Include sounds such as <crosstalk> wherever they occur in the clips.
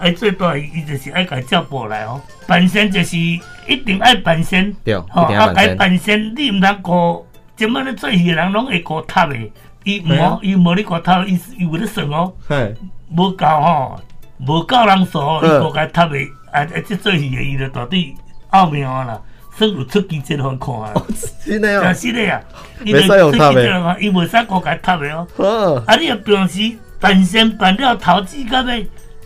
愛最多伊就是愛伊接過來哦，盤身就是一定愛盤身，對，好吼，本啊該盤身你唔得過，即陣做戲個人攏會過塌的，伊唔伊唔好你過塌，伊伊唔得算哦，係對，無夠吼，無夠人數哦，伊過該塌的，呵啊，即做戲的伊就大抵奧妙啦，算有出奇之方看、喔、啊，真的呀，真 <laughs> 的呀，伊袂使有塌的，伊袂使甲伊塌誒哦，呵啊，你若平時盤身辦了頭子干未？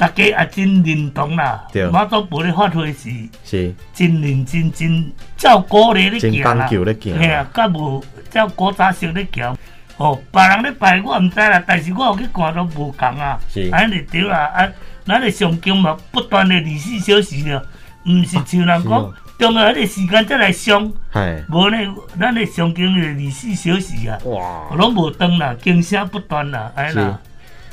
大家也、啊、真認同啦，對媽祖冇你發揮是真認真真，照顧過年啲橋啦，係啊，加無照顧過山車啲哦，別人啲排我唔知道啦，但是我有去看都唔同是啊，是安尼對啊，咱的上京嘛，不斷的二十四小時咯，唔是像人講、啊、中午嗰時間再來上，係是，無呢，咱的上京的二十四小時啊，我攏無斷啦，驚聲不斷啦，係啦。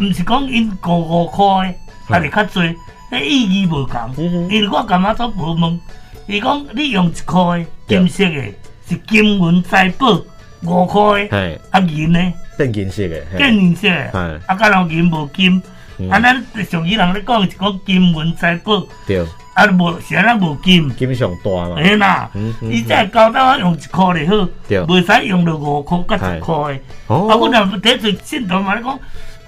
毋是講因五五塊誒，也是較儕，意義無同。因為我幹嘛做部門？伊講你用一塊，金色嘅是金銀財寶五塊誒，啊銀呢？變金色嘅，變銀色嘅。啊，加上銀無金，啊，咱常以人咧講是講金銀財寶。對。啊，無，現在咱無金。金上大嘛。哎呀，你即係搞到我用一塊就好，袂使用到五塊、十塊誒。哦。啊，我那底時信徒嘛你講。